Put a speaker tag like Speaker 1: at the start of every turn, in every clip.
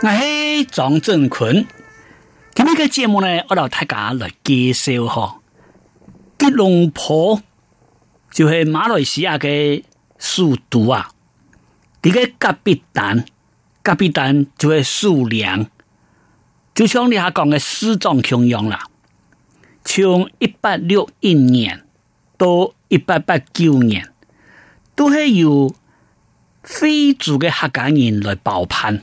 Speaker 1: 我係張振坤，今日嘅節目呢，我就大家來介紹哈吉隆坡，這個、就是馬來西亞的首都啊。呢個甲必丹，甲必丹就是首領，就像你下講的西藏、形容啦。從一八六一年到一八八九年，都係由非族的客家人來包辦。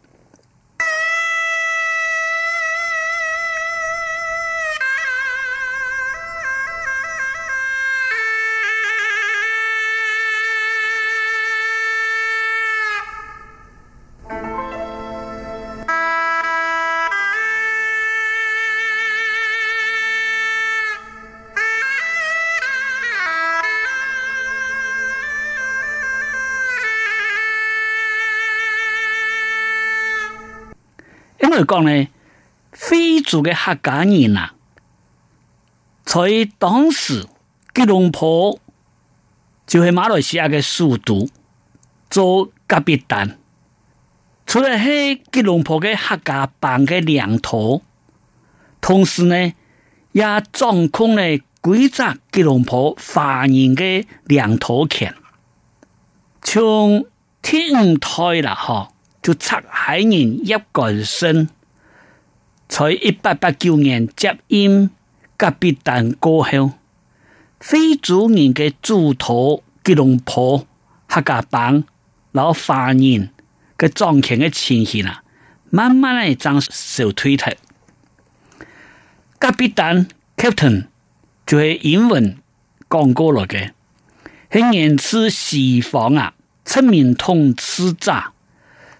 Speaker 1: 嚟講呢，非洲的客家人啊，在當時吉隆坡就係馬來西亞的首都，做甲必丹，除了喺吉隆坡的客家幫的領袖，同時呢，也掌控了幾扎吉隆坡華人嘅領袖權，從天台啦，嗬。就拆海寧一改生在一八八九年接應甲必丹過後，非主年嘅豬頭吉隆坡客家幫老華人嘅葬前嘅情形啊，慢慢嚟增手推特。甲必丹 Captain 就係英文講過嚟嘅，係源自西方啊，出面通次渣。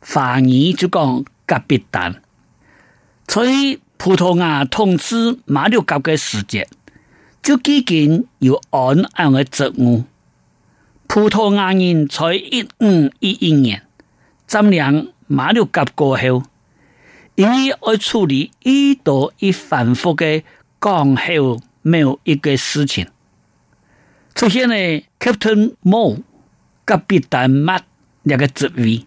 Speaker 1: 反而就講甲必丹。所以葡萄牙統治馬六甲嘅時節，就已經有暗暗的職務。葡萄牙人在一五一一年佔領馬六甲過後，以要處理一度以繁複的港口貿易的事情，出現了 Captain Moore 甲必丹馬兩個職位。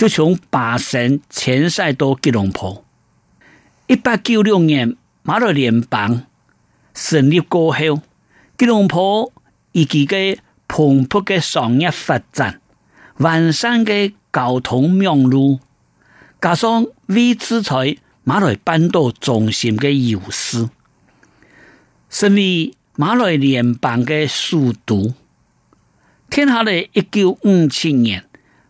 Speaker 1: 就從巴生遷徙到吉隆坡。一八九六年馬來聯邦成立過後，吉隆坡以其嘅蓬勃嘅商業發展、完善嘅交通網絡，加上位置在馬來半島中心嘅優勢，成為馬來聯邦嘅首都。天下來，一九五七年。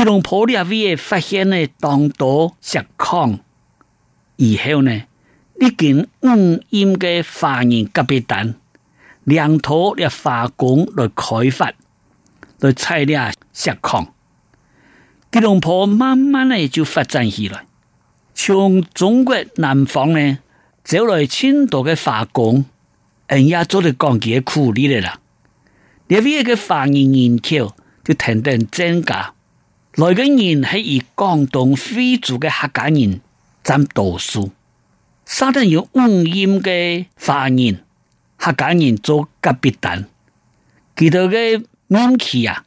Speaker 1: 吉隆坡呢下邊發現呢當多石礦，以後呢呢件烏煙嘅華人甲必丹，領土嘅化工來開發，來採呢石礦，吉隆坡慢慢呢就發展起來，從中國南方呢走來青島嘅化工，人也做得更加苦力啦，呢邊嘅華人人口就不斷增加。來嘅人係以廣東非族嘅客家人佔多數，生得有五音嘅化人，客家人做甲必丹，佢哋嘅名氣啊，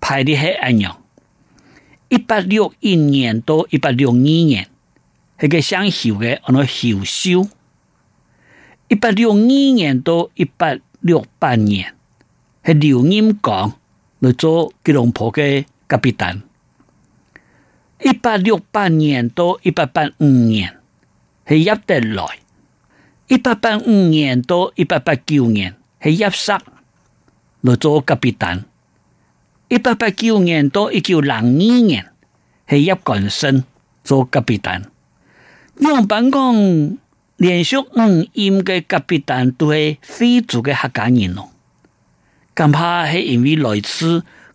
Speaker 1: 排得係一樣。一八六一年到一八六二年，係嘅湘繡嘅紅繡；一八六二年到一八六八年，係劉壬光嚟做吉隆坡嘅。一八六八年到一八八五年係葉德來；一八八五年到一八八九年係葉亞石，做甲必丹；一八八九年到一九零二年係葉觀盛做甲必丹。楊本剛連續五任嘅甲必丹都係非主嘅客家人咯，恐怕係因為來此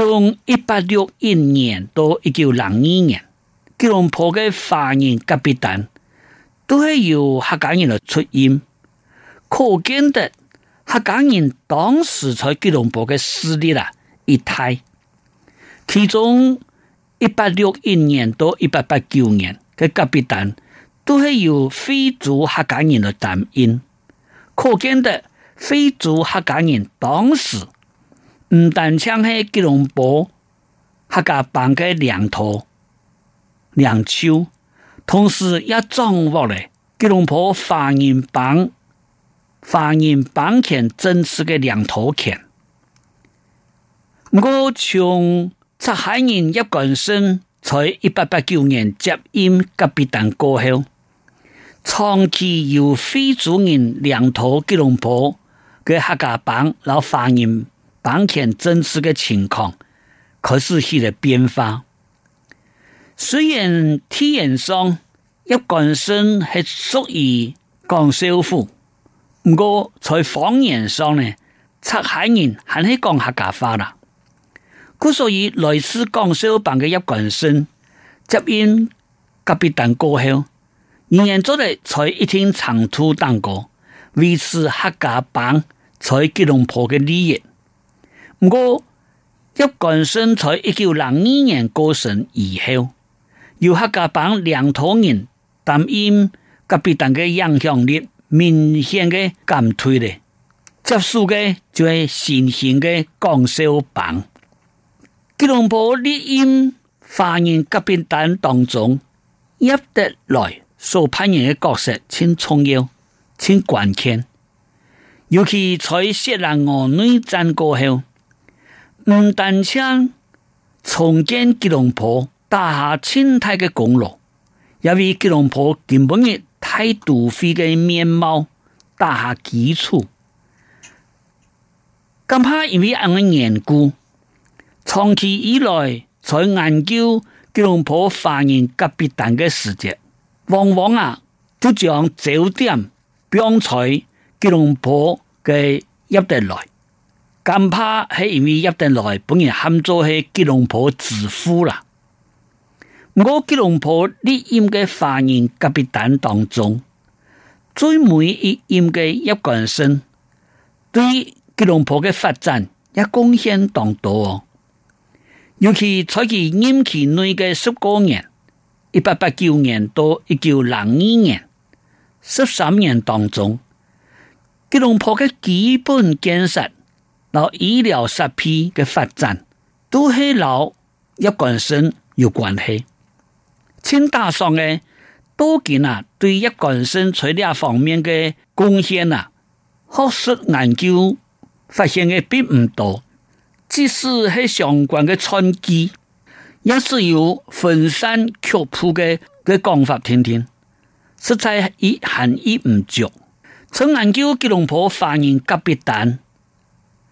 Speaker 1: 從一八六一年到一九零二年，吉隆坡的華人甲必丹都係有客家人嚟出現，可見的客家人當時在吉隆坡的勢力啦，越大。其中一八六一年到一八八九年嘅甲必丹都係有非族客家人嚟擔任，可見的非族客家人當時。唔但搶起吉隆坡，客家幫嘅兩頭、兩手，同時也掌握咧吉隆坡華人幫、華人幫權政治嘅兩頭權。唔過從蔡海英葉觀盛在一八八九年接任甲必丹過後，長期由非主人兩頭吉隆坡嘅客家幫老華人。房前真實嘅情況，可是佢嘅變化。雖然體驗上葉觀盛係屬於廣肇府，唔過在方言上呢，赤溪人仲係講客家話啦。故屬於類似廣肇幫嘅葉觀盛，接任個甲必丹後，仍然昨日在一天長途甲必丹，維持客家幫在吉隆坡嘅利益。唔過，葉觀盛在一九零二年過身以後，由客家幫領頭人，擔任嘅甲必丹嘅影響力明顯嘅減退咗，接手嘅就係新興嘅廣肇幫。吉隆坡歷任華人甲必丹當中，葉德來所扮演嘅角色，千重要，千關鍵，尤其在雪蘭莪內戰過後。唔單槍重建吉隆坡打下生態嘅功勞，也為吉隆坡今半年太度飛嘅面貌打下基礎。咁怕因為咁嘅緣故，長期以來在研究吉隆坡發現甲必丹嘅事件，往往啊都將焦點放在吉隆坡嘅入地內。但怕係因為葉亞來，本人喊做係吉隆坡之父啦。喺吉隆坡歷任嘅華人甲必丹當中，最尾一任嘅葉觀盛，對吉隆坡嘅發展也貢獻當多。尤其在佢任期內嘅十多年，一八八九年到一九零二年，年十三年當中，吉隆坡嘅基本建設。醫療設備的發展都係老葉觀盛有關係，千大商嘅多見啊，對葉觀盛在呢方面嘅貢獻啊，學術研究發現嘅並唔多，即使係相關嘅傳記，也是有分散曲譜嘅嘅講法，聽聽實在亦含義唔足。從研究吉隆坡發現甲必丹。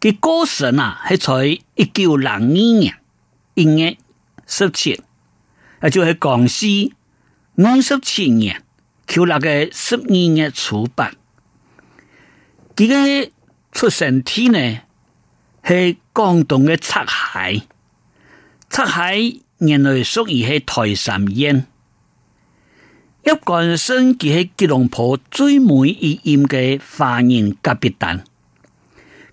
Speaker 1: 佢過身啊，係在一九零二年，一月十七，也就是光緒，二十七年，佢那個十二月初八），佢個出生地呢，係廣東嘅赤溪，赤溪原來屬於係台山縣，一干身佢係吉隆坡最尾一任嘅華人甲必丹。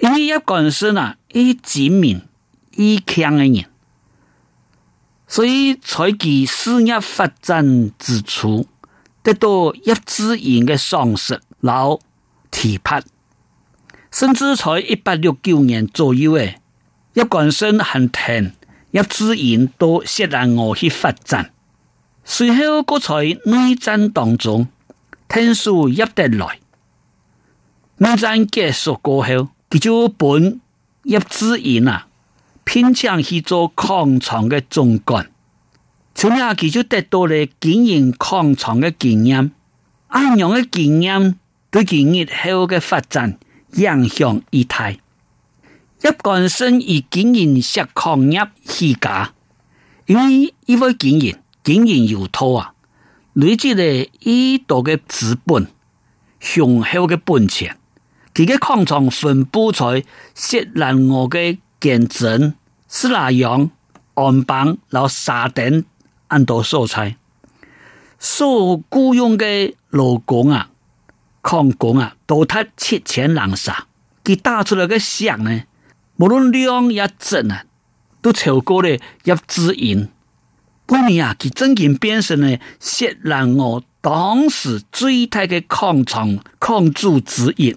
Speaker 1: 依葉觀盛啊，依子民依強嘅人，所以在佢事業發展之初，得到葉致英嘅賞識，然後提拔，甚至在一八六九年左右誒，葉觀盛很聽葉致英到雪蘭莪去發展，隨後嗰在內戰當中，天數入得來，內戰結束過後。佢就本一資源啊，偏向去做礦場的主管，從而佢就得到了經營礦場的經驗。噉樣的經驗，對經營後的發展影響異態。葉觀盛以經營錫礦業起家，由於依位經營經營有頭啊，累積了一多的資本，雄厚的本錢。佢個礦場分佈在雪蘭莪的建成、士拉央、安邦、沙道老沙登很多蔬，所受僱傭的勞工啊，礦工啊，多他七千難殺。佢打出來個響呢，無論量也質啊，都超過咧一億元。關鍵啊，佢真正變成呢雪蘭莪當時最大的礦場、礦主之一。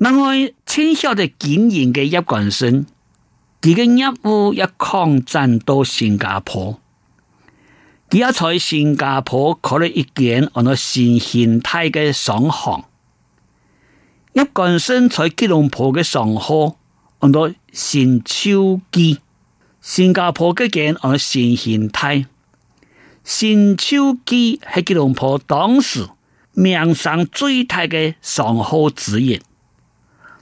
Speaker 1: 我去清朝的經營的葉觀盛，佢個業務亦擴展到新加坡。佢在，在新加坡開了一間叫做新形態的商行。葉觀盛在吉隆坡的商行，叫做新就記，新加坡嗰間叫做新形態。新就記係吉隆坡當時名聲最大的商行之一。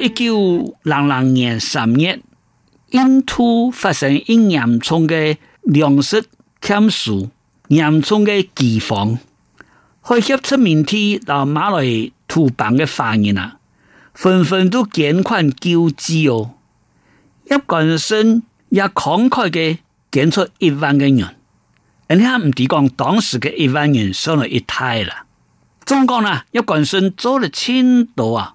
Speaker 1: 一九零零年十月，印度發生嚴重嘅糧食欠數，嚴重嘅饑荒。開始出面聽南馬來土邦嘅發言啦，紛紛都捐款救濟哦。葉觀盛也慷慨嘅捐出一萬元，而且唔止講當時嘅一萬元生了一胎啦。中國呢，葉觀盛做了千多啊。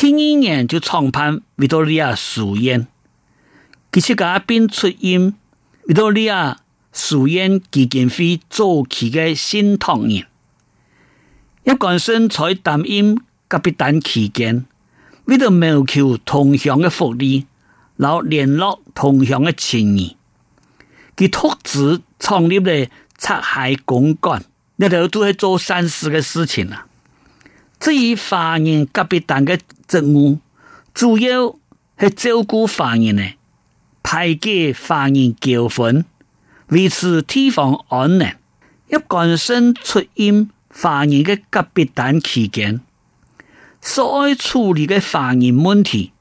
Speaker 1: 聽一年就創辦維多利亞書院，佢自家並出音維多利亞書院基金會做起嘅新創員。葉觀盛在擔任甲必丹期間，為咗謀求同鄉嘅福利，然後聯絡同鄉嘅情誼，佢托資創立咗赤溪公館，一條都在做善事嘅事情啦。至於華人甲必丹的職務，主要是照顧華人呢，排解華人糾紛，維持地方安寧。一干身出因華人的甲必丹期間，所要處理的華人問題，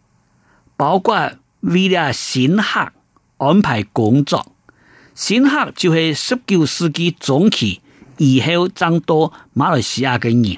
Speaker 1: 包括為了新客安排工作，新客就係十九世紀中期以後增多馬來西亞的人。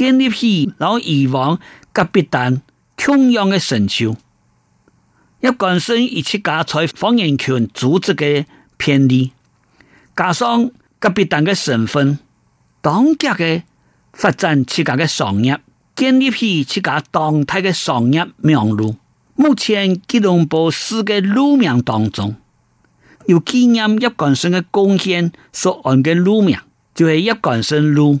Speaker 1: 建立起攞以往甲必丹強樣的成就，葉觀盛以及加在方言群組織的便利，加上甲必丹的身份，當家的發展企業家嘅商業，建立起企業家當態的商業名路。目前吉隆坡市的路名當中，有紀念葉觀盛的貢獻所按的路名，就是葉觀盛路。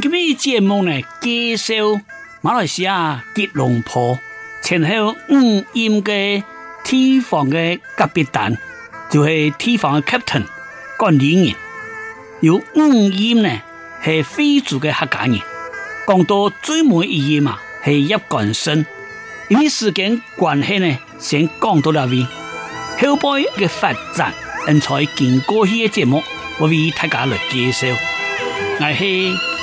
Speaker 1: 叫咩節目呢，介紹馬來西亞吉隆坡前後五任嘅地方嘅甲必丹，就係地方嘅 Captain 管理員，有五任呢係非洲嘅客家人。講到最滿意義嘛係葉觀盛，因為時間關係呢，先講到呢位後輩嘅發展，人才經過呢個節目，我為大家來介紹，係。